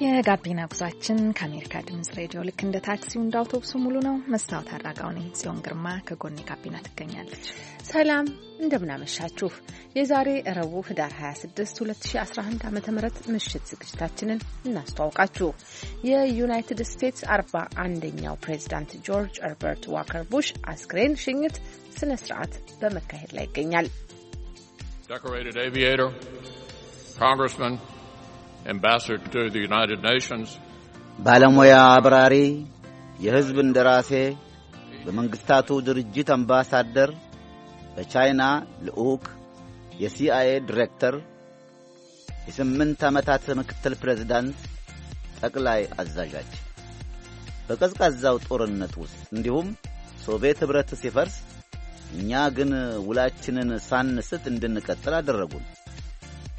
የጋቢና ጉዟችን ከአሜሪካ ድምጽ ሬዲዮ ልክ እንደ ታክሲው እንደ አውቶቡሱ ሙሉ ነው። መስታወት አድራጋው ነኝ ጽዮን ግርማ ከጎኔ ጋቢና ትገኛለች። ሰላም እንደምናመሻችሁ። የዛሬ እረቡ ህዳር 26 2011 ዓ ም ምሽት ዝግጅታችንን እናስተዋውቃችሁ። የዩናይትድ ስቴትስ አርባ አንደኛው ፕሬዚዳንት ጆርጅ ኸርበርት ዋከር ቡሽ አስክሬን ሽኝት ስነ ስርዓት በመካሄድ ላይ ይገኛል። decorated aviator, congressman, ambassador to the United Nations. ባለሙያ አብራሪ፣ የሕዝብ እንደራሴ፣ በመንግስታቱ ድርጅት አምባሳደር፣ በቻይና ልዑክ፣ የሲአይኤ ዲሬክተር፣ የስምንት ዓመታት ምክትል ፕሬዝዳንት፣ ጠቅላይ አዛዣችን በቀዝቃዛው ጦርነት ውስጥ እንዲሁም ሶቪየት ኅብረት ሲፈርስ እኛ ግን ውላችንን ሳንስት እንድንቀጥል አደረጉን።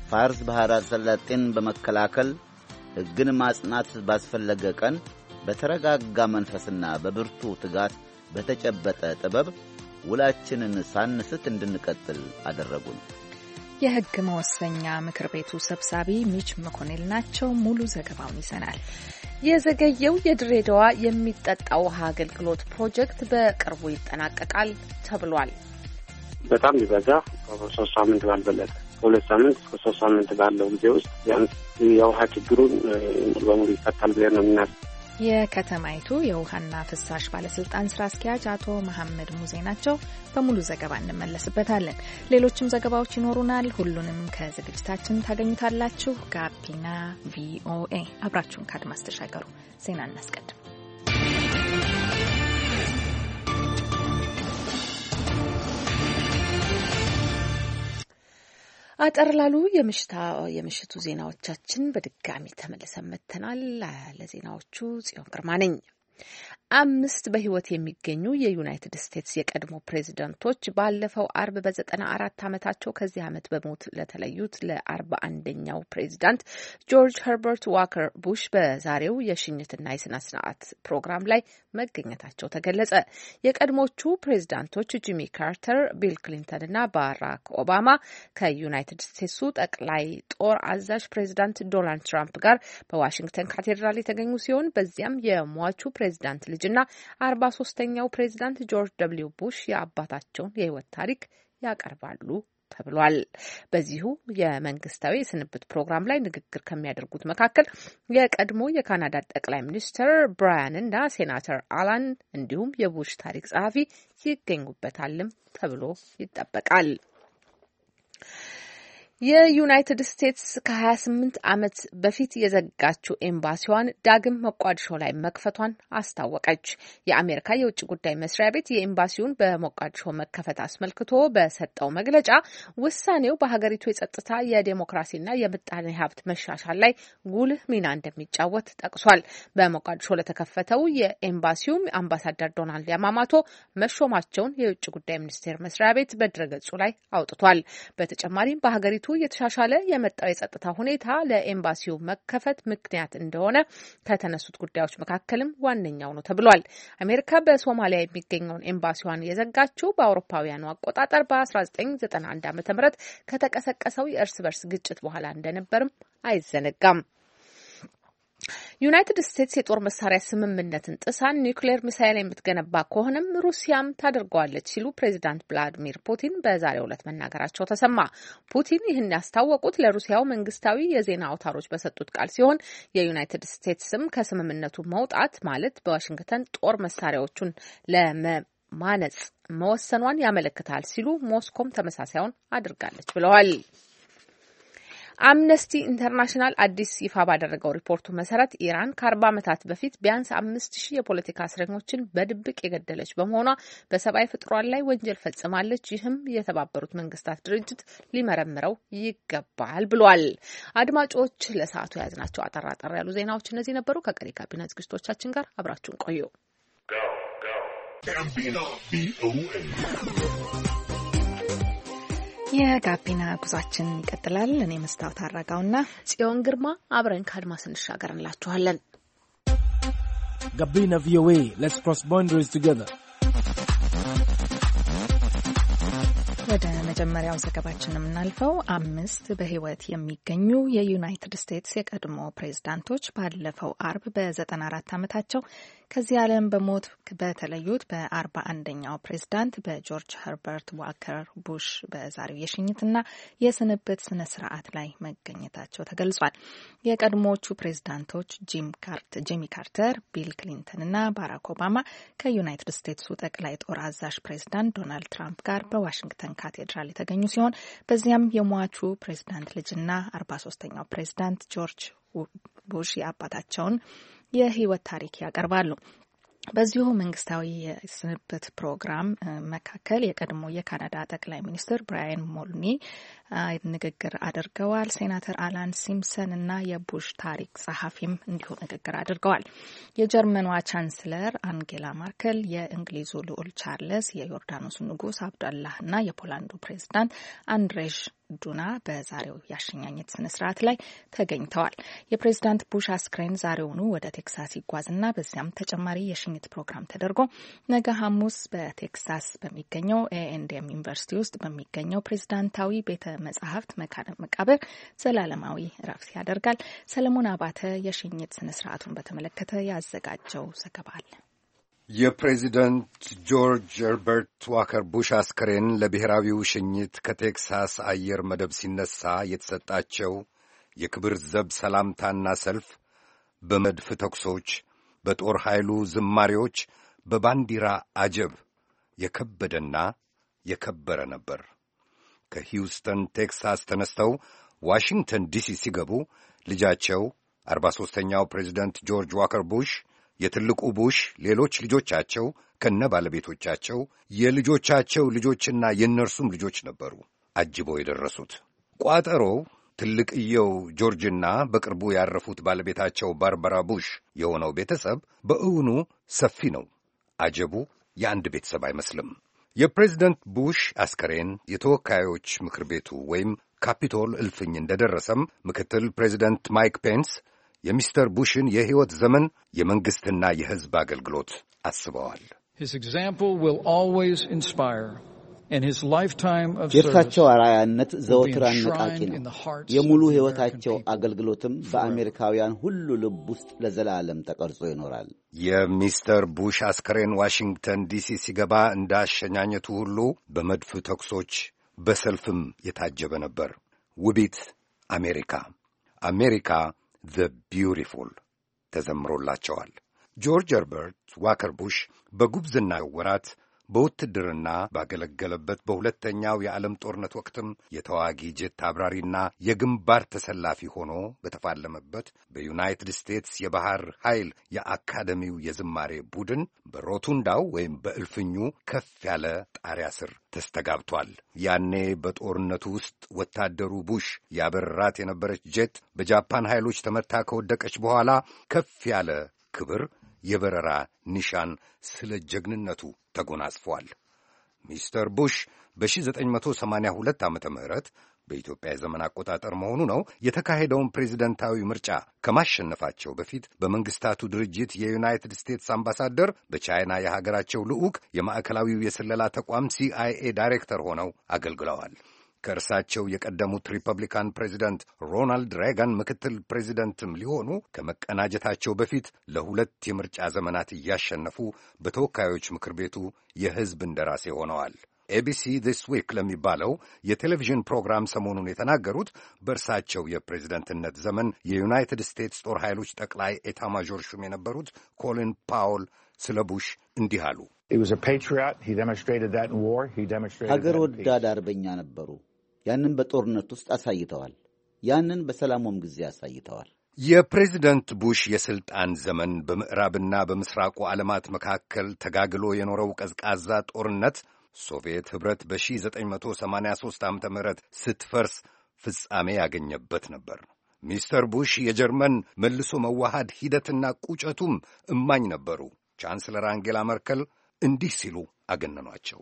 ፋርስ ባሕረ ሰላጤን በመከላከል ሕግን ማጽናት ባስፈለገ ቀን በተረጋጋ መንፈስና በብርቱ ትጋት በተጨበጠ ጥበብ ውላችንን ሳንስት እንድንቀጥል አደረጉን። የህግ መወሰኛ ምክር ቤቱ ሰብሳቢ ሚች መኮኔል ናቸው። ሙሉ ዘገባውን ይዘናል። የዘገየው የድሬዳዋ የሚጠጣ ውሃ አገልግሎት ፕሮጀክት በቅርቡ ይጠናቀቃል ተብሏል። በጣም ቢበዛ ሶስት ሳምንት ባልበለጠ ከሁለት ሳምንት እስከ ሶስት ሳምንት ባለው ጊዜ ውስጥ ቢያንስ የውሃ ችግሩን ሙሉ በሙሉ ይፈታል ብለን ነው የምናስብ የከተማይቱ የውሃና ፍሳሽ ባለስልጣን ስራ አስኪያጅ አቶ መሐመድ ሙዜ ናቸው። በሙሉ ዘገባ እንመለስበታለን። ሌሎችም ዘገባዎች ይኖሩናል። ሁሉንም ከዝግጅታችን ታገኙታላችሁ። ጋቢና ቪኦኤ አብራችሁን ከአድማስ ተሻገሩ። ዜና እናስቀድም። አጠር ላሉ የምሽቱ ዜናዎቻችን በድጋሚ ተመልሰን መጥተናል። ለዜናዎቹ ጽዮን ግርማ ነኝ። አምስት በህይወት የሚገኙ የዩናይትድ ስቴትስ የቀድሞ ፕሬዚደንቶች ባለፈው አርብ በዘጠና አራት ዓመታቸው ከዚህ ዓመት በሞት ለተለዩት ለአርባ አንደኛው ፕሬዚዳንት ጆርጅ ኸርበርት ዋከር ቡሽ በዛሬው የሽኝትና የስነ ስርዓት ፕሮግራም ላይ መገኘታቸው ተገለጸ። የቀድሞቹ ፕሬዚዳንቶች ጂሚ ካርተር፣ ቢል ክሊንተን ና ባራክ ኦባማ ከዩናይትድ ስቴትሱ ጠቅላይ ጦር አዛዥ ፕሬዚዳንት ዶናልድ ትራምፕ ጋር በዋሽንግተን ካቴድራል የተገኙ ሲሆን በዚያም የሟቹ ፕሬዚዳንት ልጅና አርባ ሶስተኛው ፕሬዚዳንት ጆርጅ ደብሊው ቡሽ የአባታቸውን የህይወት ታሪክ ያቀርባሉ ተብሏል። በዚሁ የመንግስታዊ የስንብት ፕሮግራም ላይ ንግግር ከሚያደርጉት መካከል የቀድሞ የካናዳ ጠቅላይ ሚኒስትር ብራያን እና ሴናተር አላን እንዲሁም የቡሽ ታሪክ ጸሐፊ ይገኙበታልም ተብሎ ይጠበቃል። የዩናይትድ ስቴትስ ከ28 ዓመት በፊት የዘጋችው ኤምባሲዋን ዳግም ሞቃዲሾ ላይ መክፈቷን አስታወቀች። የአሜሪካ የውጭ ጉዳይ መስሪያ ቤት የኤምባሲውን በሞቃዲሾ መከፈት አስመልክቶ በሰጠው መግለጫ ውሳኔው በሀገሪቱ የጸጥታ የዴሞክራሲና የምጣኔ ሀብት መሻሻል ላይ ጉልህ ሚና እንደሚጫወት ጠቅሷል። በሞቃዲሾ ለተከፈተው የኤምባሲውም አምባሳደር ዶናልድ ያማማቶ መሾማቸውን የውጭ ጉዳይ ሚኒስቴር መስሪያ ቤት በድረገጹ ላይ አውጥቷል። በተጨማሪም በሀገሪቱ የተሻሻለ የመጣው የጸጥታ ሁኔታ ለኤምባሲው መከፈት ምክንያት እንደሆነ ከተነሱት ጉዳዮች መካከልም ዋነኛው ነው ተብሏል። አሜሪካ በሶማሊያ የሚገኘውን ኤምባሲዋን የዘጋችው በአውሮፓውያኑ አቆጣጠር በ1991 ዓ ም ከተቀሰቀሰው የእርስ በርስ ግጭት በኋላ እንደነበርም አይዘነጋም። ዩናይትድ ስቴትስ የጦር መሳሪያ ስምምነትን ጥሳን ኒውክሌር ሚሳይል የምትገነባ ከሆነም ሩሲያም ታደርገዋለች ሲሉ ፕሬዚዳንት ቭላዲሚር ፑቲን በዛሬው ዕለት መናገራቸው ተሰማ። ፑቲን ይህን ያስታወቁት ለሩሲያው መንግስታዊ የዜና አውታሮች በሰጡት ቃል ሲሆን የዩናይትድ ስቴትስም ከስምምነቱ መውጣት ማለት በዋሽንግተን ጦር መሳሪያዎቹን ለመማነጽ መወሰኗን ያመለክታል ሲሉ ሞስኮም ተመሳሳዩን አድርጋለች ብለዋል። አምነስቲ ኢንተርናሽናል አዲስ ይፋ ባደረገው ሪፖርቱ መሰረት ኢራን ከአርባ ዓመታት በፊት ቢያንስ አምስት ሺህ የፖለቲካ እስረኞችን በድብቅ የገደለች በመሆኗ በሰብአዊ ፍጥሯን ላይ ወንጀል ፈጽማለች። ይህም የተባበሩት መንግስታት ድርጅት ሊመረምረው ይገባል ብሏል። አድማጮች፣ ለሰዓቱ የያዝናቸው አጠራጠር ያሉ ዜናዎች እነዚህ ነበሩ። ከቀሪ ካቢነት ዝግጅቶቻችን ጋር አብራችሁን ቆዩ። የጋቢና ጉዟችን ይቀጥላል። እኔ መስታወት አረጋውና ጽዮን ግርማ አብረን ከአድማስ እንሻገር እንላችኋለን። ጋቢና ቪኦኤ ሌትስ ክሮስ ቦንደሪስ ቱጌዘር። ወደ መጀመሪያው ዘገባችን የምናልፈው አምስት በሕይወት የሚገኙ የዩናይትድ ስቴትስ የቀድሞ ፕሬዝዳንቶች ባለፈው አርብ በ94 ዓመታቸው ከዚህ ዓለም በሞት በተለዩት በአርባ አንደኛው ፕሬዝዳንት በጆርጅ ኸርበርት ዋከር ቡሽ በዛሬው የሽኝትና የስንብት ስነ ስርዓት ላይ መገኘታቸው ተገልጿል። የቀድሞዎቹ ፕሬዝዳንቶች ጂሚ ካርተር፣ ቢል ክሊንተንና ባራክ ኦባማ ከዩናይትድ ስቴትሱ ጠቅላይ ጦር አዛዥ ፕሬዝዳንት ዶናልድ ትራምፕ ጋር በዋሽንግተን ካቴድራል የተገኙ ሲሆን በዚያም የሟቹ ፕሬዝዳንት ልጅና አርባ ሶስተኛው ፕሬዝዳንት ጆርጅ ቡሽ የአባታቸውን የህይወት ታሪክ ያቀርባሉ። በዚሁ መንግስታዊ የስንብት ፕሮግራም መካከል የቀድሞ የካናዳ ጠቅላይ ሚኒስትር ብራያን ሞልኒ ንግግር አድርገዋል። ሴናተር አላን ሲምሰን እና የቡሽ ታሪክ ጸሐፊም እንዲሁ ንግግር አድርገዋል። የጀርመኗ ቻንስለር አንጌላ ማርከል፣ የእንግሊዙ ልዑል ቻርልስ፣ የዮርዳኖሱ ንጉስ አብዳላህ እና የፖላንዱ ፕሬዚዳንት አንድሬሽ ዱና በዛሬው የአሸኛኘት ስነ ስርዓት ላይ ተገኝተዋል። የፕሬዚዳንት ቡሽ አስክሬን ዛሬውኑ ወደ ቴክሳስ ይጓዝና በዚያም ተጨማሪ የሽኝት ፕሮግራም ተደርጎ ነገ ሐሙስ በቴክሳስ በሚገኘው ኤኤንዲኤም ዩኒቨርሲቲ ውስጥ በሚገኘው ፕሬዚዳንታዊ ቤተ መጻሕፍት መቃብር ዘላለማዊ እረፍት ያደርጋል። ሰለሞን አባተ የሽኝት ስነ ስርዓቱን በተመለከተ ያዘጋጀው ዘገባ አለ። የፕሬዚደንት ጆርጅ ሄርበርት ዋከር ቡሽ አስከሬን ለብሔራዊው ሽኝት ከቴክሳስ አየር መደብ ሲነሳ የተሰጣቸው የክብር ዘብ ሰላምታና ሰልፍ በመድፍ ተኩሶች፣ በጦር ኃይሉ ዝማሬዎች፣ በባንዲራ አጀብ የከበደና የከበረ ነበር። ከሂውስተን ቴክሳስ ተነስተው ዋሽንግተን ዲሲ ሲገቡ ልጃቸው አርባ ሦስተኛው ፕሬዚደንት ጆርጅ ዋከር ቡሽ የትልቁ ቡሽ ሌሎች ልጆቻቸው ከነ ባለቤቶቻቸው የልጆቻቸው ልጆችና የእነርሱም ልጆች ነበሩ አጅበው የደረሱት። ቋጠሮው ትልቅየው ጆርጅና በቅርቡ ያረፉት ባለቤታቸው ባርባራ ቡሽ የሆነው ቤተሰብ በእውኑ ሰፊ ነው። አጀቡ የአንድ ቤተሰብ አይመስልም። የፕሬዚደንት ቡሽ አስከሬን የተወካዮች ምክር ቤቱ ወይም ካፒቶል እልፍኝ እንደደረሰም ምክትል ፕሬዚደንት ማይክ ፔንስ የሚስተር ቡሽን የሕይወት ዘመን የመንግሥትና የሕዝብ አገልግሎት አስበዋል። የእርሳቸው አርአያነት ዘወትር አነቃቂ ነው። የሙሉ ሕይወታቸው አገልግሎትም በአሜሪካውያን ሁሉ ልብ ውስጥ ለዘላለም ተቀርጾ ይኖራል። የሚስተር ቡሽ አስከሬን ዋሽንግተን ዲሲ ሲገባ እንዳሸኛኘቱ ሁሉ በመድፍ ተኩሶች በሰልፍም የታጀበ ነበር። ውቢት አሜሪካ አሜሪካ ዘ ቢዩቲፉል ተዘምሮላቸዋል። ጆርጅ ኸርበርት ዋከር ቡሽ በጉብዝና ወራት በውትድርና ባገለገለበት በሁለተኛው የዓለም ጦርነት ወቅትም የተዋጊ ጄት አብራሪና የግንባር ተሰላፊ ሆኖ በተፋለመበት በዩናይትድ ስቴትስ የባህር ኃይል የአካደሚው የዝማሬ ቡድን በሮቱንዳው ወይም በእልፍኙ ከፍ ያለ ጣሪያ ስር ተስተጋብቷል። ያኔ በጦርነቱ ውስጥ ወታደሩ ቡሽ ያበረራት የነበረች ጄት በጃፓን ኃይሎች ተመታ ከወደቀች በኋላ ከፍ ያለ ክብር የበረራ ኒሻን ስለ ጀግንነቱ ተጎናጽፏል። ሚስተር ቡሽ በ1982 ዓ ምህረት በኢትዮጵያ የዘመን አቆጣጠር መሆኑ ነው። የተካሄደውን ፕሬዚደንታዊ ምርጫ ከማሸነፋቸው በፊት በመንግስታቱ ድርጅት የዩናይትድ ስቴትስ አምባሳደር፣ በቻይና የሀገራቸው ልዑክ፣ የማዕከላዊው የስለላ ተቋም ሲአይኤ ዳይሬክተር ሆነው አገልግለዋል። ከእርሳቸው የቀደሙት ሪፐብሊካን ፕሬዚደንት ሮናልድ ሬጋን ምክትል ፕሬዚደንትም ሊሆኑ ከመቀናጀታቸው በፊት ለሁለት የምርጫ ዘመናት እያሸነፉ በተወካዮች ምክር ቤቱ የሕዝብ እንደራሴ ሆነዋል። ኤቢሲ ዲስ ዊክ ለሚባለው የቴሌቪዥን ፕሮግራም ሰሞኑን የተናገሩት በእርሳቸው የፕሬዝደንትነት ዘመን የዩናይትድ ስቴትስ ጦር ኃይሎች ጠቅላይ ማዦር ሹም የነበሩት ኮሊን ፓውል ስለ ቡሽ እንዲህ አሉ። ሀገር ወዳድ አርበኛ ነበሩ። ያንን በጦርነት ውስጥ አሳይተዋል። ያንን በሰላሙም ጊዜ አሳይተዋል። የፕሬዚደንት ቡሽ የሥልጣን ዘመን በምዕራብና በምስራቁ ዓለማት መካከል ተጋግሎ የኖረው ቀዝቃዛ ጦርነት ሶቪየት ኅብረት በ1983 ዓ ም ስትፈርስ ፍጻሜ ያገኘበት ነበር። ሚስተር ቡሽ የጀርመን መልሶ መዋሃድ ሂደትና ቁጨቱም እማኝ ነበሩ። ቻንስለር አንጌላ መርከል እንዲህ ሲሉ አገነኗቸው።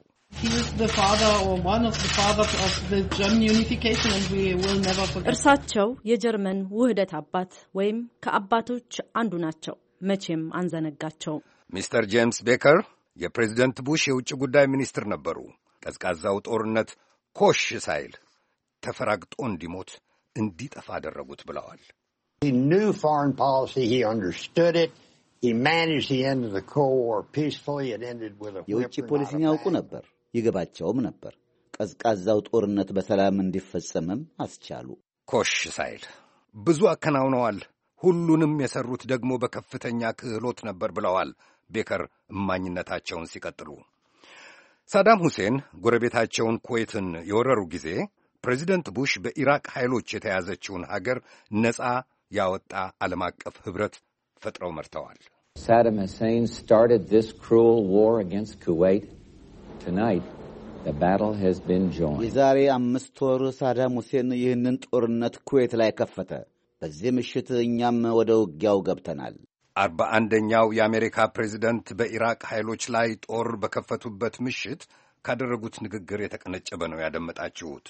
እርሳቸው የጀርመን ውህደት አባት ወይም ከአባቶች አንዱ ናቸው። መቼም አንዘነጋቸው ሚስተር ጄምስ ቤከር የፕሬዚደንት ቡሽ የውጭ ጉዳይ ሚኒስትር ነበሩ። ቀዝቃዛው ጦርነት ኮሽ ሳይል ተፈራግጦ እንዲሞት እንዲጠፋ አደረጉት ብለዋል። የውጭ ፖሊሲን ያውቁ ነበር። ይገባቸውም ነበር። ቀዝቃዛው ጦርነት በሰላም እንዲፈጸምም አስቻሉ። ኮሽ ሳይል ብዙ አከናውነዋል። ሁሉንም የሰሩት ደግሞ በከፍተኛ ክህሎት ነበር ብለዋል ቤከር እማኝነታቸውን ሲቀጥሉ። ሳዳም ሁሴን ጎረቤታቸውን ኩዌትን የወረሩ ጊዜ ፕሬዚደንት ቡሽ በኢራቅ ኃይሎች የተያዘችውን ሀገር ነፃ ያወጣ ዓለም አቀፍ ኅብረት ፈጥረው መርተዋል። ሳዳም ሁሴን ስታርትድ this ክሩል ዋር against ኩዌት የዛሬ አምስት ወር ሳዳም ሁሴን ይህንን ጦርነት ኩዌት ላይ ከፈተ። በዚህ ምሽት እኛም ወደ ውጊያው ገብተናል። አርባ አንደኛው የአሜሪካ ፕሬዚደንት በኢራቅ ኃይሎች ላይ ጦር በከፈቱበት ምሽት ካደረጉት ንግግር የተቀነጨበ ነው ያደመጣችሁት።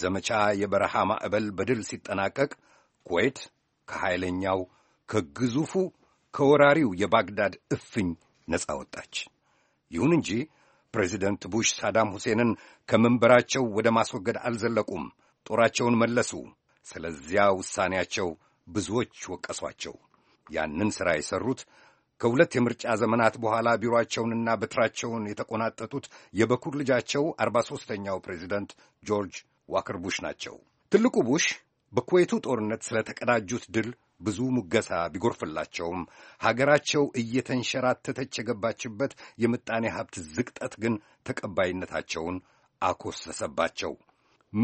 ዘመቻ የበረሃ ማዕበል በድል ሲጠናቀቅ ኩዌት ከኃይለኛው ከግዙፉ ከወራሪው የባግዳድ እፍኝ ነፃ ወጣች። ይሁን እንጂ ፕሬዚደንት ቡሽ ሳዳም ሁሴንን ከመንበራቸው ወደ ማስወገድ አልዘለቁም። ጦራቸውን መለሱ። ስለዚያ ውሳኔያቸው ብዙዎች ወቀሷቸው። ያንን ሥራ የሠሩት ከሁለት የምርጫ ዘመናት በኋላ ቢሮአቸውንና በትራቸውን የተቆናጠጡት የበኩር ልጃቸው አርባ ሦስተኛው ፕሬዚደንት ጆርጅ ዋከር ቡሽ ናቸው። ትልቁ ቡሽ በኩዌቱ ጦርነት ስለተቀዳጁት ድል ብዙ ሙገሳ ቢጎርፍላቸውም ሀገራቸው እየተንሸራተተች የገባችበት የምጣኔ ሀብት ዝቅጠት ግን ተቀባይነታቸውን አኮሰሰባቸው።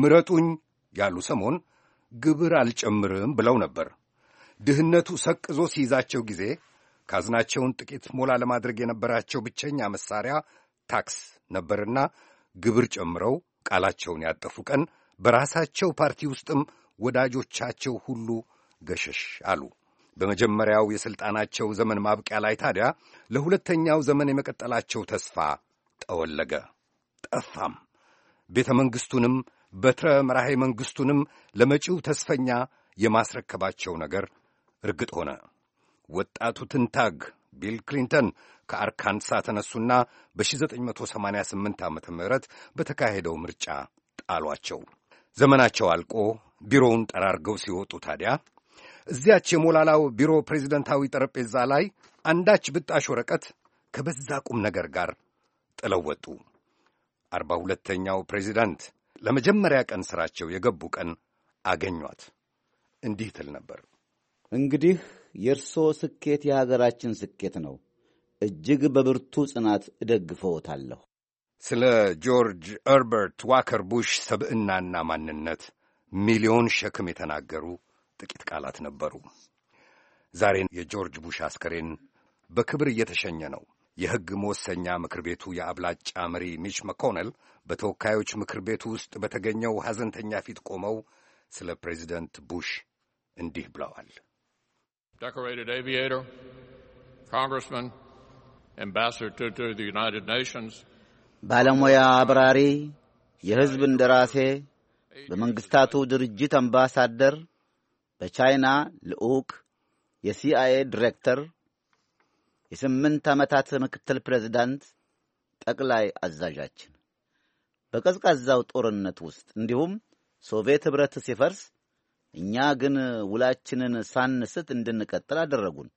ምረጡኝ ያሉ ሰሞን ግብር አልጨምርም ብለው ነበር። ድህነቱ ሰቅዞ ሲይዛቸው ጊዜ ካዝናቸውን ጥቂት ሞላ ለማድረግ የነበራቸው ብቸኛ መሳሪያ ታክስ ነበርና ግብር ጨምረው ቃላቸውን ያጠፉ ቀን በራሳቸው ፓርቲ ውስጥም ወዳጆቻቸው ሁሉ ገሸሽ አሉ። በመጀመሪያው የሥልጣናቸው ዘመን ማብቂያ ላይ ታዲያ ለሁለተኛው ዘመን የመቀጠላቸው ተስፋ ጠወለገ፣ ጠፋም። ቤተ መንግሥቱንም በትረ መራሄ መንግሥቱንም ለመጪው ተስፈኛ የማስረከባቸው ነገር እርግጥ ሆነ። ወጣቱ ትንታግ ቢል ክሊንተን ከአርካንሳ ተነሱና በ1988 ዓ ም በተካሄደው ምርጫ ጣሏቸው። ዘመናቸው አልቆ ቢሮውን ጠራርገው ሲወጡ ታዲያ እዚያች የሞላላው ቢሮ ፕሬዚደንታዊ ጠረጴዛ ላይ አንዳች ብጣሽ ወረቀት ከበዛ ቁም ነገር ጋር ጥለው ወጡ። አርባ ሁለተኛው ፕሬዚዳንት ለመጀመሪያ ቀን ሥራቸው የገቡ ቀን አገኟት። እንዲህ ትል ነበር። እንግዲህ የእርሶ ስኬት የሀገራችን ስኬት ነው። እጅግ በብርቱ ጽናት እደግፈዎታለሁ። ስለ ጆርጅ ኸርበርት ዋከር ቡሽ ሰብዕናና ማንነት ሚሊዮን ሸክም የተናገሩ ጥቂት ቃላት ነበሩ። ዛሬን የጆርጅ ቡሽ አስከሬን በክብር እየተሸኘ ነው። የሕግ መወሰኛ ምክር ቤቱ የአብላጫ መሪ ሚች መኮነል በተወካዮች ምክር ቤቱ ውስጥ በተገኘው ሐዘንተኛ ፊት ቆመው ስለ ፕሬዚደንት ቡሽ እንዲህ ብለዋል። decorated aviator, congressman, ambassador to, to the United Nations, ባለሙያ አብራሪ፣ የሕዝብ እንደራሴ፣ በመንግሥታቱ ድርጅት አምባሳደር፣ በቻይና ልዑክ፣ የሲአይኤ ዲሬክተር፣ የስምንት ዓመታት ምክትል ፕሬዚዳንት፣ ጠቅላይ አዛዣችን በቀዝቃዛው ጦርነት ውስጥ እንዲሁም ሶቪየት ኅብረት ሲፈርስ እኛ ግን ውላችንን ሳንስት እንድንቀጥል አደረጉን።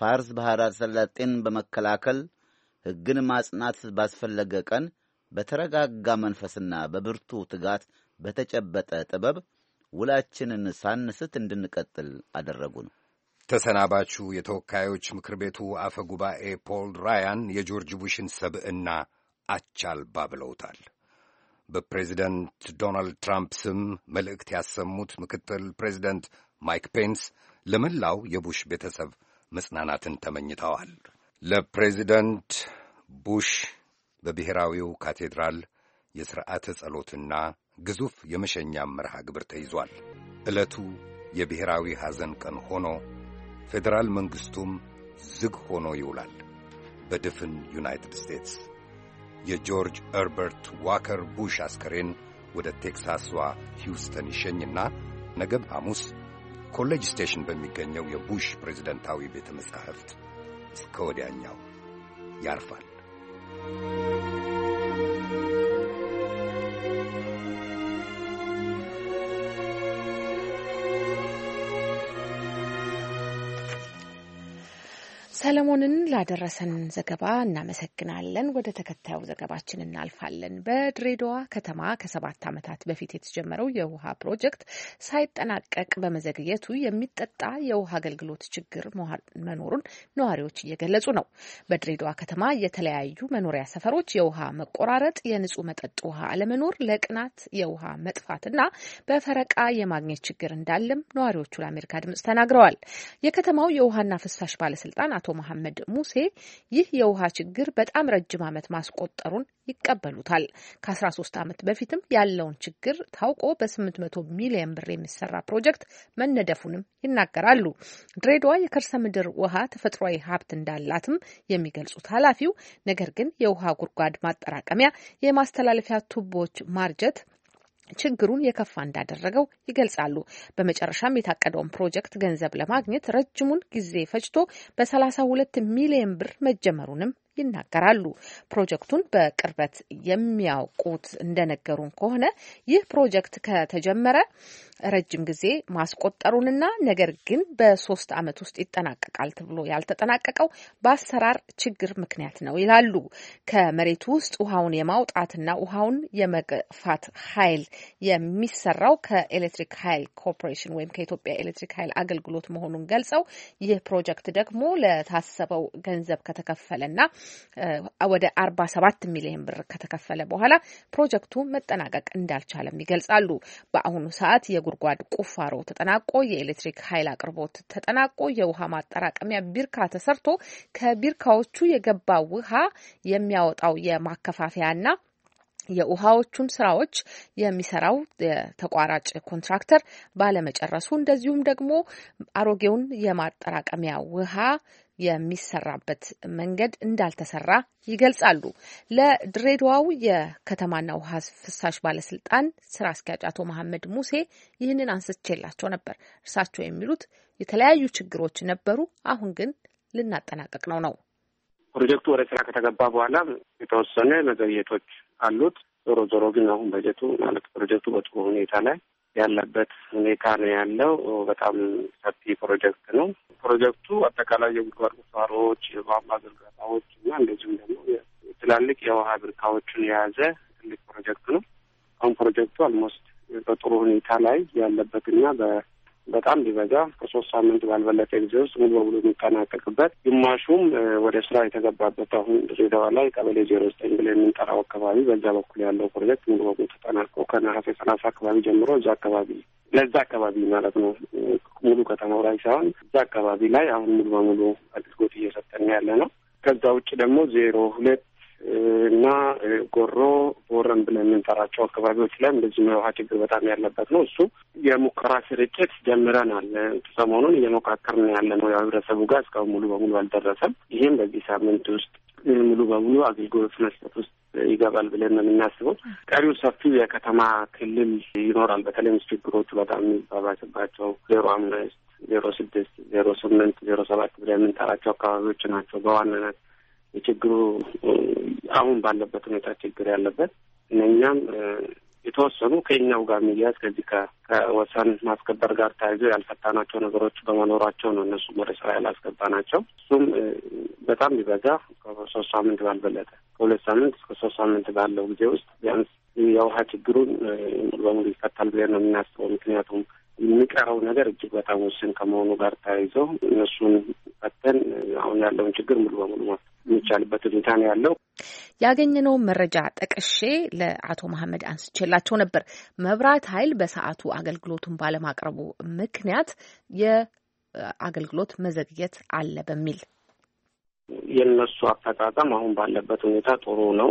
ፋርስ ባሕረ ሰላጤን በመከላከል ሕግን ማጽናት ባስፈለገ ቀን በተረጋጋ መንፈስና በብርቱ ትጋት በተጨበጠ ጥበብ ውላችንን ሳንስት እንድንቀጥል አደረጉን። ተሰናባቹ የተወካዮች ምክር ቤቱ አፈ ጉባኤ ፖል ራያን የጆርጅ ቡሽን ሰብዕና አቻልባ ብለውታል። በፕሬዚደንት ዶናልድ ትራምፕ ስም መልእክት ያሰሙት ምክትል ፕሬዚደንት ማይክ ፔንስ ለመላው የቡሽ ቤተሰብ መጽናናትን ተመኝተዋል። ለፕሬዚደንት ቡሽ በብሔራዊው ካቴድራል የሥርዓተ ጸሎትና ግዙፍ የመሸኛ መርሃ ግብር ተይዟል። ዕለቱ የብሔራዊ ሐዘን ቀን ሆኖ ፌዴራል መንግሥቱም ዝግ ሆኖ ይውላል። በድፍን ዩናይትድ ስቴትስ የጆርጅ እርበርት ዋከር ቡሽ አስከሬን ወደ ቴክሳስዋ ሂውስተን ይሸኝና ነገብ ሐሙስ ኮሌጅ ስቴሽን በሚገኘው የቡሽ ፕሬዝደንታዊ ቤተ መጻሕፍት እስከ ወዲያኛው ያርፋል። ሰለሞንን ላደረሰን ዘገባ እናመሰግናለን። ወደ ተከታዩ ዘገባችን እናልፋለን። በድሬዳዋ ከተማ ከሰባት ዓመታት በፊት የተጀመረው የውሃ ፕሮጀክት ሳይጠናቀቅ በመዘግየቱ የሚጠጣ የውሃ አገልግሎት ችግር መኖሩን ነዋሪዎች እየገለጹ ነው። በድሬዳዋ ከተማ የተለያዩ መኖሪያ ሰፈሮች የውሃ መቆራረጥ፣ የንጹህ መጠጥ ውሃ አለመኖር፣ ለቅናት የውሃ መጥፋትና በፈረቃ የማግኘት ችግር እንዳለም ነዋሪዎቹ ለአሜሪካ ድምጽ ተናግረዋል። የከተማው የውሃና ፍሳሽ ባለስልጣን አቶ አቶ መሐመድ ሙሴ ይህ የውሃ ችግር በጣም ረጅም ዓመት ማስቆጠሩን ይቀበሉታል። ከ13 ዓመት በፊትም ያለውን ችግር ታውቆ በ800 ሚሊዮን ብር የሚሰራ ፕሮጀክት መነደፉንም ይናገራሉ። ድሬዳዋ የከርሰ ምድር ውሃ ተፈጥሯዊ ሀብት እንዳላትም የሚገልጹት ኃላፊው ነገር ግን የውሃ ጉድጓድ ማጠራቀሚያ፣ የማስተላለፊያ ቱቦዎች ማርጀት ችግሩን የከፋ እንዳደረገው ይገልጻሉ። በመጨረሻም የታቀደውን ፕሮጀክት ገንዘብ ለማግኘት ረጅሙን ጊዜ ፈጅቶ በ32 ሚሊዮን ብር መጀመሩንም ይናገራሉ። ፕሮጀክቱን በቅርበት የሚያውቁት እንደነገሩን ከሆነ ይህ ፕሮጀክት ከተጀመረ ረጅም ጊዜ ማስቆጠሩንና ነገር ግን በሶስት ዓመት ውስጥ ይጠናቀቃል ተብሎ ያልተጠናቀቀው በአሰራር ችግር ምክንያት ነው ይላሉ። ከመሬት ውስጥ ውሃውን የማውጣትና ውሃውን የመግፋት ኃይል የሚሰራው ከኤሌክትሪክ ኃይል ኮርፖሬሽን ወይም ከኢትዮጵያ ኤሌክትሪክ ኃይል አገልግሎት መሆኑን ገልጸው ይህ ፕሮጀክት ደግሞ ለታሰበው ገንዘብ ከተከፈለና ወደ አርባ ሰባት ሚሊዮን ብር ከተከፈለ በኋላ ፕሮጀክቱ መጠናቀቅ እንዳልቻለም ይገልጻሉ። በአሁኑ ሰዓት የጉድጓድ ቁፋሮ ተጠናቆ የኤሌክትሪክ ኃይል አቅርቦት ተጠናቆ የውሃ ማጠራቀሚያ ቢርካ ተሰርቶ ከቢርካዎቹ የገባ ውሃ የሚያወጣው የማከፋፈያና የውሃዎቹን ስራዎች የሚሰራው የተቋራጭ ኮንትራክተር ባለመጨረሱ እንደዚሁም ደግሞ አሮጌውን የማጠራቀሚያ ውሃ የሚሰራበት መንገድ እንዳልተሰራ ይገልጻሉ። ለድሬዳዋው የከተማና ውሃ ፍሳሽ ባለስልጣን ስራ አስኪያጅ አቶ መሐመድ ሙሴ ይህንን አንስቼላቸው ነበር። እርሳቸው የሚሉት የተለያዩ ችግሮች ነበሩ፣ አሁን ግን ልናጠናቀቅ ነው ነው ፕሮጀክቱ ወደ ስራ ከተገባ በኋላ የተወሰነ መዘግየቶች አሉት። ዞሮ ዞሮ ግን አሁን በጀቱ ማለት ፕሮጀክቱ በጥሩ ሁኔታ ላይ ያለበት ሁኔታ ነው ያለው። በጣም ሰፊ ፕሮጀክት ነው። ፕሮጀክቱ አጠቃላይ የጉድጓድ ቁፋሮዎች፣ የቧንቧ ዝርጋታዎች እና እንደዚሁም ደግሞ ትላልቅ የውሃ ብርካዎችን የያዘ ትልቅ ፕሮጀክት ነው። አሁን ፕሮጀክቱ አልሞስት በጥሩ ሁኔታ ላይ ያለበትና በጣም ቢበዛ ከሶስት ሳምንት ባልበለጠ ጊዜ ውስጥ ሙሉ በሙሉ የሚጠናቀቅበት ግማሹም ወደ ስራ የተገባበት አሁን ድሬዳዋ ላይ ቀበሌ ዜሮ ዘጠኝ ብለን የምንጠራው አካባቢ በዛ በኩል ያለው ፕሮጀክት ሙሉ በሙሉ ተጠናቅቆ ከነሐሴ ሰላሳ አካባቢ ጀምሮ እዛ አካባቢ ለዛ አካባቢ ማለት ነው ሙሉ ከተማው ላይ ሳይሆን እዛ አካባቢ ላይ አሁን ሙሉ በሙሉ አገልግሎት እየሰጠን ያለ ነው። ከዛ ውጭ ደግሞ ዜሮ ሁለት እና ጎሮ ቦረን ብለን የምንጠራቸው አካባቢዎች ላይ እንደዚህ የውሃ ችግር በጣም ያለበት ነው። እሱ የሙከራ ስርጭት ጀምረናል። ሰሞኑን እየሞካከርን ያለ ነው የህብረተሰቡ ጋር እስካሁን ሙሉ በሙሉ አልደረሰም። ይህም በዚህ ሳምንት ውስጥ ሙሉ በሙሉ አገልግሎት መስጠት ውስጥ ይገባል ብለን ነው የምናስበው። ቀሪው ሰፊው የከተማ ክልል ይኖራል። በተለይም ችግሮቹ በጣም የሚባባስባቸው ዜሮ አምስት ዜሮ ስድስት ዜሮ ስምንት ዜሮ ሰባት ብለን የምንጠራቸው አካባቢዎች ናቸው በዋናነት የችግሩ አሁን ባለበት ሁኔታ ችግር ያለበት እነኛም የተወሰኑ ከኛው ጋር የሚያያዝ ከዚህ ከወሰን ማስከበር ጋር ተያይዞ ያልፈታናቸው ነገሮች በመኖራቸው ነው። እነሱም ወደ ስራ ያላስገባ ናቸው። እሱም በጣም ቢበዛ ከሶስት ሳምንት ባልበለጠ ከሁለት ሳምንት እስከ ሶስት ሳምንት ባለው ጊዜ ውስጥ ቢያንስ የውሃ ችግሩን ሙሉ በሙሉ ይፈታል ብለን ነው የምናስበው። ምክንያቱም የሚቀረው ነገር እጅግ በጣም ውስን ከመሆኑ ጋር ተያይዘው እነሱን ፈተን አሁን ያለውን ችግር ሙሉ በሙሉ ማስ የሚቻልበት ሁኔታ ነው ያለው። ያገኘነውን መረጃ ጠቅሼ ለአቶ መሀመድ አንስቼላቸው ነበር። መብራት ኃይል በሰዓቱ አገልግሎቱን ባለማቅረቡ ምክንያት የአገልግሎት መዘግየት አለ በሚል የነሱ አፈቃቀም አሁን ባለበት ሁኔታ ጥሩ ነው።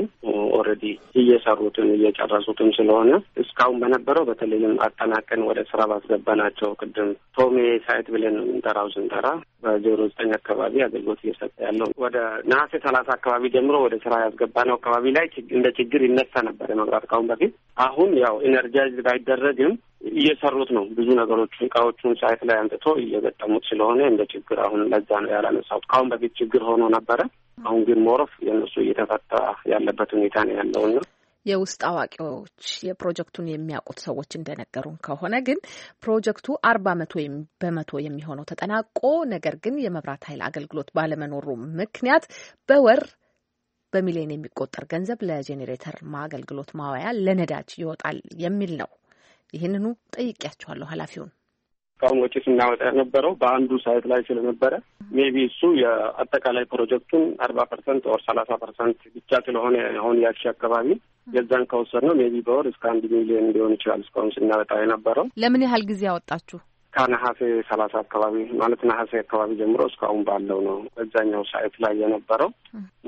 ኦልሬዲ እየሰሩትም እየጨረሱትም ስለሆነ እስካሁን በነበረው በተለይም አጠናቀን ወደ ስራ ባስገባናቸው ቅድም ቶሜ ሳይት ብለን የምንጠራው ስንጠራ በዜሮ ዘጠኝ አካባቢ አገልግሎት እየሰጠ ያለው ወደ ነሐሴ ሰላሳ አካባቢ ጀምሮ ወደ ስራ ያስገባነው አካባቢ ላይ እንደ ችግር ይነሳ ነበር የመብራት ካሁን በፊት አሁን ያው ኢነርጃይዝ ባይደረግም እየሰሩት ነው። ብዙ ነገሮች እቃዎቹን ሳይት ላይ አምጥቶ እየገጠሙት ስለሆነ እንደ ችግር አሁን ለዛ ነው ያላነሳሁት። ካሁን በፊት ችግር ሆኖ ነበር ነበረ። አሁን ግን ሞረፍ የእነሱ እየተፈታ ያለበት ሁኔታ ነው ያለውና የውስጥ አዋቂዎች የፕሮጀክቱን የሚያውቁት ሰዎች እንደነገሩን ከሆነ ግን ፕሮጀክቱ አርባ መቶ በመቶ የሚሆነው ተጠናቆ ነገር ግን የመብራት ኃይል አገልግሎት ባለመኖሩ ምክንያት በወር በሚሊዮን የሚቆጠር ገንዘብ ለጄኔሬተር አገልግሎት ማዋያ ለነዳጅ ይወጣል የሚል ነው። ይህንኑ ጠይቄያቸዋለሁ ኃላፊውን እስካሁን ወጪ ስናወጣ የነበረው በአንዱ ሳይት ላይ ስለነበረ ሜቢ እሱ የአጠቃላይ ፕሮጀክቱን አርባ ፐርሰንት ኦር ሰላሳ ፐርሰንት ብቻ ስለሆነ አሁን ያቺ አካባቢ የዛን ከወሰድ ነው ሜቢ በወር እስከ አንድ ሚሊዮን ሊሆን ይችላል እስካሁን ስናወጣ የነበረው። ለምን ያህል ጊዜ አወጣችሁ? ከነሐሴ ሰላሳ አካባቢ ማለት ነሐሴ አካባቢ ጀምሮ እስካሁን ባለው ነው በዛኛው ሳይት ላይ የነበረው።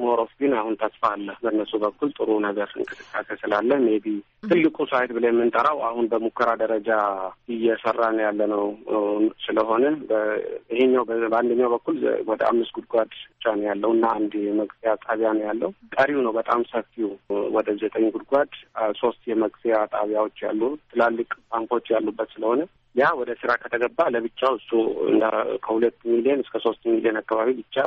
ሞሮፍ ግን አሁን ተስፋ አለ በእነሱ በኩል ጥሩ ነገር እንቅስቃሴ ስላለ ሜቢ ትልቁ ሳይት ብለን የምንጠራው አሁን በሙከራ ደረጃ እየሰራን ያለ ነው ስለሆነ ይሄኛው በአንደኛው በኩል ወደ አምስት ጉድጓድ ብቻ ነው ያለው እና አንድ የመግፊያ ጣቢያ ነው ያለው። ቀሪው ነው በጣም ሰፊው ወደ ዘጠኝ ጉድጓድ ሶስት የመግፊያ ጣቢያዎች ያሉ ትላልቅ ባንኮች ያሉበት ስለሆነ ያ ወደ ስራ ከተገባ ለብቻው እሱ ከሁለት ሚሊዮን እስከ ሶስት ሚሊዮን አካባቢ ብቻ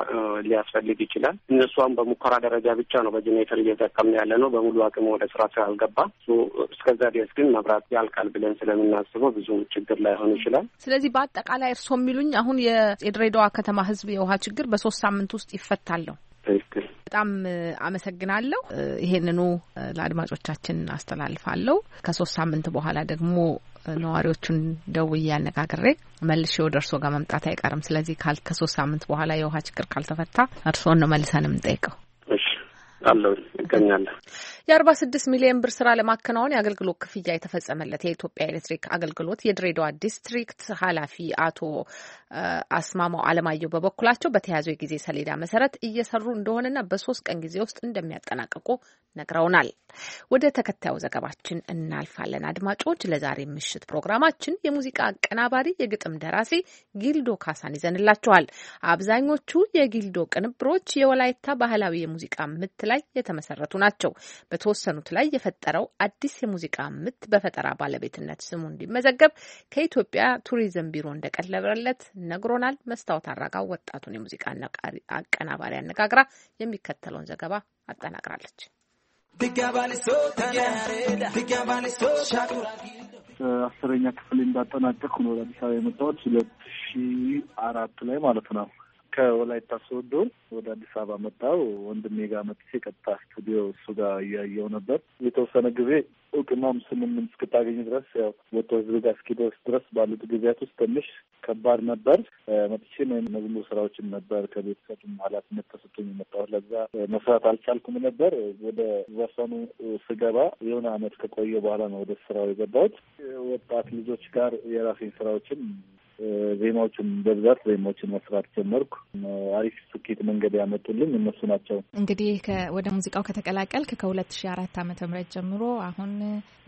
ሊያስፈልግ ይችላል። እነሷም በሙከራ ደረጃ ብቻ ነው በጀኔተር እየጠቀምን ያለ ነው። በሙሉ አቅም ወደ ስራ ስላልገባ እሱ እስከዛ ድረስ ግን መብራት ያልቃል ብለን ስለምናስበው ብዙ ችግር ላይሆን ይችላል። ስለዚህ በአጠቃላይ እርሶ የሚሉኝ አሁን የድሬዳዋ ከተማ ህዝብ የውሃ ችግር በሶስት ሳምንት ውስጥ ይፈታለሁ? በጣም አመሰግናለሁ። ይሄንኑ ለአድማጮቻችን አስተላልፋለሁ። ከሶስት ሳምንት በኋላ ደግሞ ነዋሪዎቹን ደውዬ አነጋግሬ መልሼ ወደ እርስዎ ጋር መምጣት አይቀርም። ስለዚህ ከሶስት ሳምንት በኋላ የውሃ ችግር ካልተፈታ እርስዎን ነው መልሰን የምንጠይቀው። አለው ይገኛለን። የአርባ ስድስት ሚሊዮን ብር ስራ ለማከናወን የአገልግሎት ክፍያ የተፈጸመለት የኢትዮጵያ ኤሌክትሪክ አገልግሎት የድሬዳዋ ዲስትሪክት ኃላፊ አቶ አስማማው አለማየሁ በበኩላቸው በተያዘው የጊዜ ሰሌዳ መሰረት እየሰሩ እንደሆነና በሶስት ቀን ጊዜ ውስጥ እንደሚያጠናቀቁ ነግረውናል። ወደ ተከታዩ ዘገባችን እናልፋለን። አድማጮች፣ ለዛሬ ምሽት ፕሮግራማችን የሙዚቃ አቀናባሪ፣ የግጥም ደራሲ ጊልዶ ካሳን ይዘንላችኋል። አብዛኞቹ የጊልዶ ቅንብሮች የወላይታ ባህላዊ የሙዚቃ ምት ላይ ላይ የተመሰረቱ ናቸው። በተወሰኑት ላይ የፈጠረው አዲስ የሙዚቃ ምት በፈጠራ ባለቤትነት ስሙ እንዲመዘገብ ከኢትዮጵያ ቱሪዝም ቢሮ እንደቀለበለት ነግሮናል። መስታወት አራጋው ወጣቱን የሙዚቃ አቀናባሪ አነጋግራ የሚከተለውን ዘገባ አጠናቅራለች። አስረኛ ክፍል እንዳጠናቀቅኩ ነው አዲስ አበባ የመጣሁት ሁለት ሺህ አራት ላይ ማለት ነው። ከወላይታ ሶዶ ወደ አዲስ አበባ መጣው ወንድሜ ጋር መጥቼ ቀጥታ ስቱዲዮ እሱ ጋር እያየው ነበር የተወሰነ ጊዜ እውቅናም ስምም እስክታገኝ ድረስ ያው ወጥቶ ህዝብ ጋር እስኪደርስ ድረስ ባሉት ጊዜያት ውስጥ ትንሽ ከባድ ነበር። መጥቼ መዝሙር ስራዎችን ነበር ከቤተሰብም ኃላፊነት ተሰጥቶኝ የመጣሁት ለዛ መስራት አልቻልኩም ነበር። ወደ ዘፈኑ ስገባ የሆነ አመት ከቆየ በኋላ ነው ወደ ስራው የገባሁት። ወጣት ልጆች ጋር የራሴን ስራዎችን ዜማዎችን በብዛት ዜማዎችን መስራት ጀመርኩ። አሪፍ ስኬት መንገድ ያመጡልኝ እነሱ ናቸው። እንግዲህ ወደ ሙዚቃው ከተቀላቀልክ ከሁለት ሺ አራት አመተ ምህረት ጀምሮ አሁን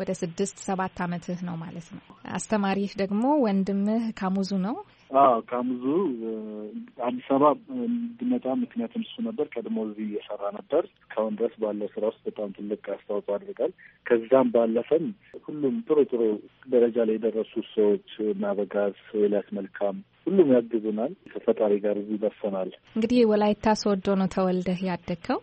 ወደ ስድስት ሰባት አመትህ ነው ማለት ነው። አስተማሪህ ደግሞ ወንድምህ ካሙዙ ነው። አዎ ካሙዙ አዲስ አበባ እንድመጣ ምክንያቱም እሱ ነበር። ቀድሞ እዚህ እየሰራ ነበር። እስካሁን ድረስ ባለው ስራ ውስጥ በጣም ትልቅ አስተዋጽኦ አድርጋል። ከዛም ባለፈም ሁሉም ጥሩ ጥሩ ደረጃ ላይ የደረሱ ሰዎች ናበጋዝ፣ ኤልያስ መልካም ሁሉም ያግዙናል። ከፈጣሪ ጋር እዚህ ይደርሰናል። እንግዲህ ወላይታ ሶዶ ነው ተወልደህ ያደግከው።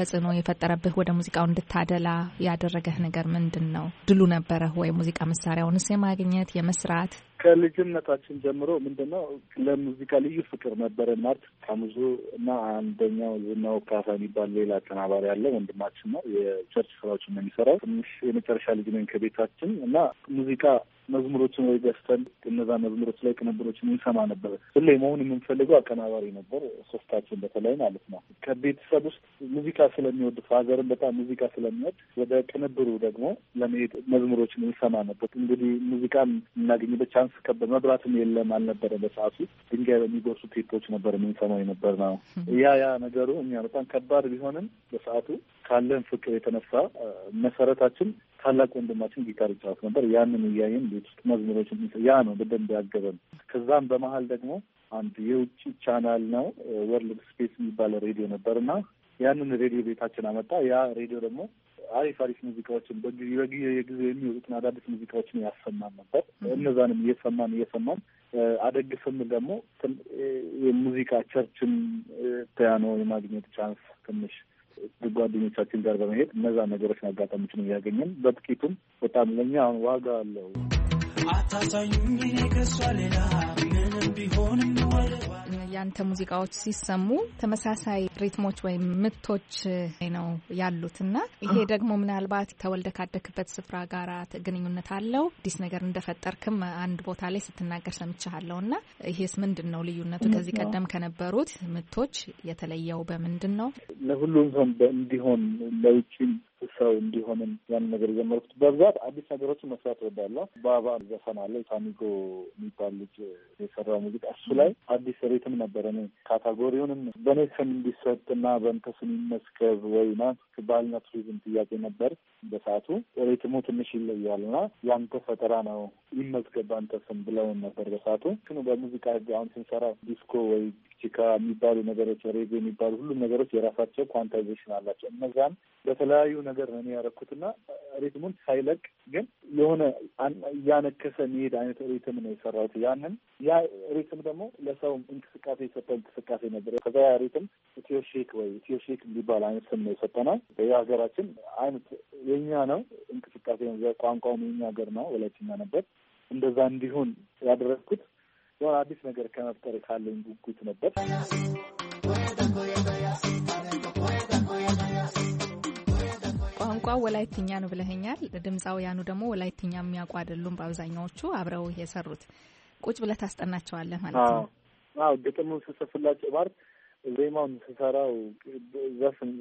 ተጽዕኖ የፈጠረብህ ወደ ሙዚቃው እንድታደላ ያደረገህ ነገር ምንድን ነው? ድሉ ነበረህ ወይ? ሙዚቃ መሳሪያውንስ የማግኘት የመስራት ከልጅነታችን ጀምሮ ምንድነው ለሙዚቃ ልዩ ፍቅር ነበረን። ማለት ታሙዙ እና አንደኛው ዝናው ካሳ የሚባል ሌላ አቀናባሪ ያለ ወንድማችን ነው። የቸርች ስራዎች ነው የሚሰራው። ትንሽ የመጨረሻ ልጅ ነን ከቤታችን እና ሙዚቃ መዝሙሮችን ወይ ገዝተን እነዛ መዝሙሮች ላይ ቅንብሮችን እንሰማ ነበር። ሁሌ መሆን የምንፈልገው አቀናባሪ ነበር፣ ሶስታችን በተለይ ማለት ነው። ከቤተሰብ ውስጥ ሙዚቃ ስለሚወድ ሀገርን በጣም ሙዚቃ ስለሚወድ ወደ ቅንብሩ ደግሞ ለመሄድ መዝሙሮችን እንሰማ ነበር። እንግዲህ ሙዚቃን የምናገኝበት ቻንስ ቢያንስ መብራትም የለም አልነበረ በሰዓቱ ድንጋይ በሚጎርሱ ቴፖች ነበር የምንሰማው የነበር ነው። ያ ያ ነገሩ እኛ በጣም ከባድ ቢሆንም በሰዓቱ ካለን ፍቅር የተነሳ መሰረታችን ታላቅ ወንድማችን ጊታር ይጫወት ነበር። ያንን እያየን ቤት ውስጥ መዝሙሮችን ያ ነው በደንብ ያገበን። ከዛም በመሀል ደግሞ አንድ የውጭ ቻናል ነው ወርልድ ስፔስ የሚባለ ሬዲዮ ነበር እና ያንን ሬዲዮ ቤታችን አመጣ። ያ ሬዲዮ ደግሞ አሪፍ አሪፍ ሙዚቃዎችን በጊዜ የሚወጡትን አዳዲስ ሙዚቃዎችን ያሰማን ነበር። እነዛንም እየሰማን እየሰማን አደግ ስንል ደግሞ የሙዚቃ ቸርችን ፒያኖ የማግኘት ቻንስ ትንሽ ጓደኞቻችን ጋር በመሄድ እነዛ ነገሮችን አጋጣሚዎችን እያገኘን በጥቂቱም በጣም ለእኛ አሁን ዋጋ አለው። አታሳዩኝ ከሷ ሌላ ምንም ቢሆንም ወደ ያንተ ሙዚቃዎች ሲሰሙ ተመሳሳይ ሪትሞች ወይም ምቶች ነው ያሉት እና ይሄ ደግሞ ምናልባት ተወልደ ካደክበት ስፍራ ጋር ግንኙነት አለው። አዲስ ነገር እንደፈጠርክም አንድ ቦታ ላይ ስትናገር ሰምቻለሁ እና ይሄስ ምንድን ነው ልዩነቱ? ከዚህ ቀደም ከነበሩት ምቶች የተለየው በምንድን ነው? ለሁሉም ሰው እንዲሆን ለውጭም ሰው እንዲሆንም ያን ነገር የጀመርኩት በብዛት አዲስ ነገሮችን መስራት እወዳለሁ። ባባ ዘፈን አለ ታሚጎ የሚባል ልጅ የሰራው ሙዚቃ እሱ ላይ አዲስ ሪትም ነበረ። እኔ ካታጎሪውንም በእኔ ስም እንዲሰጥና በእንተ ስም ይመስገብ ወይ ና ባህልና ቱሪዝም ጥያቄ ነበር በሰዓቱ። ሪትሙ ትንሽ ይለያል ይለያልና ያንተ ፈጠራ ነው ይመዝገብ በአንተ ስም ብለውን ነበር በሰዓቱ። በሙዚቃ ህግ አሁን ስንሰራ ዲስኮ ወይ ቺካ የሚባሉ ነገሮች፣ ሬጌ የሚባሉ ሁሉም ነገሮች የራሳቸው ኳንታይዜሽን አላቸው። እነዛን በተለያዩ ነገር ነው እኔ ያደረኩትና ሪትሙን ሳይለቅ ግን የሆነ እያነከሰ የሚሄድ አይነት ሪትም ነው የሰራሁት። ያንን ያ ሪትም ደግሞ ለሰውም እንቅስቃሴ የሰጠ እንቅስቃሴ ነበር። ከዛ ያ ሪትም ኢትዮሼክ ወይ ኢትዮሼክ የሚባል አይነት ስም ነው የሰጠናል። የሀገራችን አይነት የኛ ነው እንቅስቃሴ ቋንቋውም የኛ ሀገር ነው ወላችኛ ነበር። እንደዛ እንዲሆን ያደረግኩት የሆነ አዲስ ነገር ከመፍጠር ካለኝ ጉጉት ነበር። ወላይትኛ ነው ብለኸኛል። ድምፃውያኑ ደግሞ ወላይትኛ የሚያውቁ አይደሉም በአብዛኛዎቹ አብረው የሰሩት። ቁጭ ብለህ ታስጠናቸዋለህ ማለት ነው? አዎ፣ ግጥሙን ስጽፍላቸው ማለት ዜማውን ስሰራው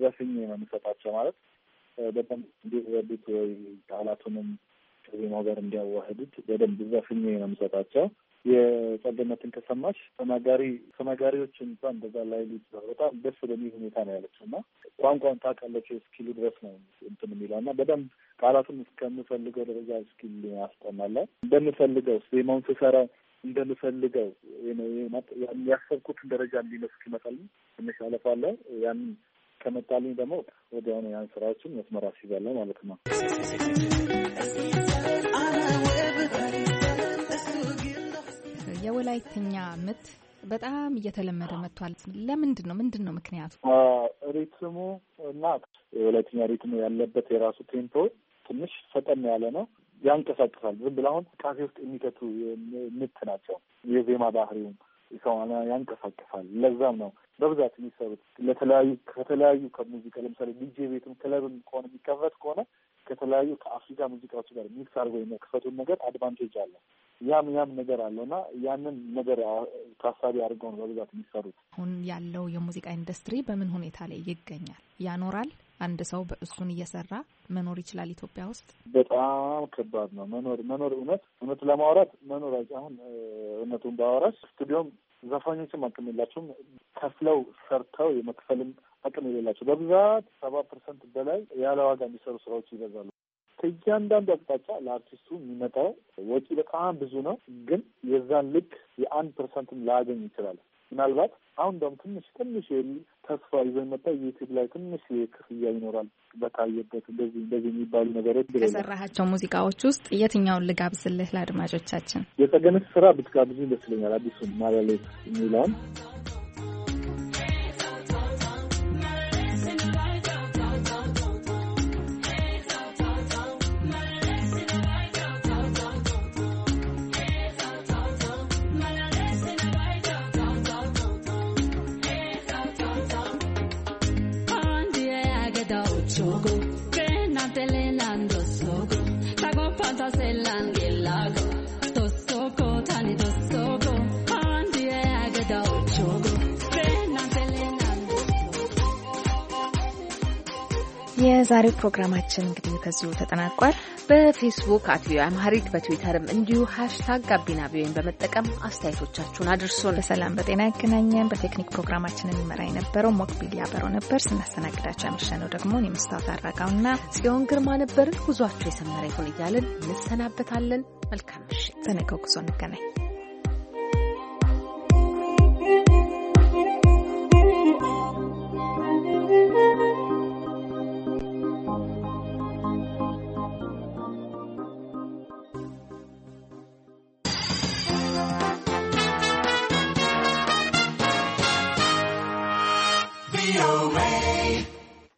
ዘፍኝ ነው የምሰጣቸው ማለት በደንብ እንዲረዱት ወይ ቃላቱንም ከዜማው ጋር እንዲያዋህዱት በደንብ ዘፍኝ ነው የምሰጣቸው። የጸገነትን ከሰማች ተናጋሪ ተናጋሪዎች እንኳን እንደዛ ላይ በጣም ደስ በሚል ሁኔታ ነው ያለችው እና ቋንቋን ታውቃለች እስኪሉ ድረስ ነው እንትን የሚለው እና በደንብ ቃላቱን እስከምፈልገው ደረጃ እስኪል ያስጠናለን። እንደምፈልገው ዜማውን ስሰራ እንደምፈልገው ያሰብኩትን ደረጃ እንዲመስል ይመጣል። ትንሽ አለፋለ ያን ከመጣልኝ ደግሞ ወዲያውኑ ያን ስራዎችን መስመር አስይዛለሁ ማለት ነው። የወላይተኛ ምት በጣም እየተለመደ መጥቷል። ለምንድን ነው ምንድን ነው ምክንያቱ? ሪትሙ እና የወላይተኛ ሪትሙ ያለበት የራሱ ቴምፖ ትንሽ ፈጠን ያለ ነው፣ ያንቀሳቅሳል። ዝም ብለው አሁን ቃሴ ውስጥ የሚከቱ ምት ናቸው። የዜማ ባህሪውም ያንቀሳቅሳል። ለዛም ነው በብዛት የሚሰሩት። ለተለያዩ ከተለያዩ ከሙዚቃ ለምሳሌ ዲጄ ቤትም ክለብም ከሆነ የሚከፈት ከሆነ ከተለያዩ ከአፍሪካ ሙዚቃዎች ጋር ሚክስ አድርጎ የመክፈቱን ነገር አድቫንቴጅ አለ። ያም ያም ነገር አለውና ያንን ነገር ታሳቢ አድርገው ነው በብዛት የሚሰሩት። አሁን ያለው የሙዚቃ ኢንዱስትሪ በምን ሁኔታ ላይ ይገኛል? ያኖራል? አንድ ሰው እሱን እየሰራ መኖር ይችላል? ኢትዮጵያ ውስጥ በጣም ከባድ ነው መኖር መኖር እውነት እውነት ለማውራት መኖር አሁን እውነቱን ባወራሽ ስቱዲዮም ዘፋኞችም አቅም የላቸውም። ከፍለው ሰርተው የመክፈልም አቅም የሌላቸው በብዛት ሰባ ፐርሰንት በላይ ያለ ዋጋ የሚሰሩ ስራዎች ይበዛሉ። ከእያንዳንዱ አቅጣጫ ለአርቲስቱ የሚመጣው ወጪ በጣም ብዙ ነው። ግን የዛን ልክ የአንድ ፐርሰንትም ላያገኝ ይችላል። ምናልባት አሁን ደም ትንሽ ትንሽ ተስፋ ይዘን መጣ ዩቲብ ላይ ትንሽ ክፍያ ይኖራል በታየበት እንደዚህ እንደዚህ የሚባሉ ነገሮች ከሰራሃቸው ሙዚቃዎች ውስጥ የትኛውን ልጋብዝልህ? ለአድማጮቻችን የጸገነት ስራ ብትጋብዙ ይመስለኛል። አዲሱን ማለሌት የሚለውን se la የዛሬው ፕሮግራማችን እንግዲህ ከዚሁ ተጠናቋል። በፌስቡክ አት ቪኦኤ አምሃሪክ በትዊተርም እንዲሁ ሀሽታግ ጋቢና ቪኦኤን በመጠቀም አስተያየቶቻችሁን አድርሱን። በሰላም በጤና ያገናኘን። በቴክኒክ ፕሮግራማችን የሚመራ የነበረው ሞክቢል ያበረው ነበር። ስናስተናግዳቸው ያመሸነው ደግሞ የመስታወት ና ጽዮን ግርማ ነበርን። ጉዟቸው የሰመረ ይሁን እያልን እንሰናበታለን። መልካም ምሽት። በነገው ጉዞ እንገናኝ።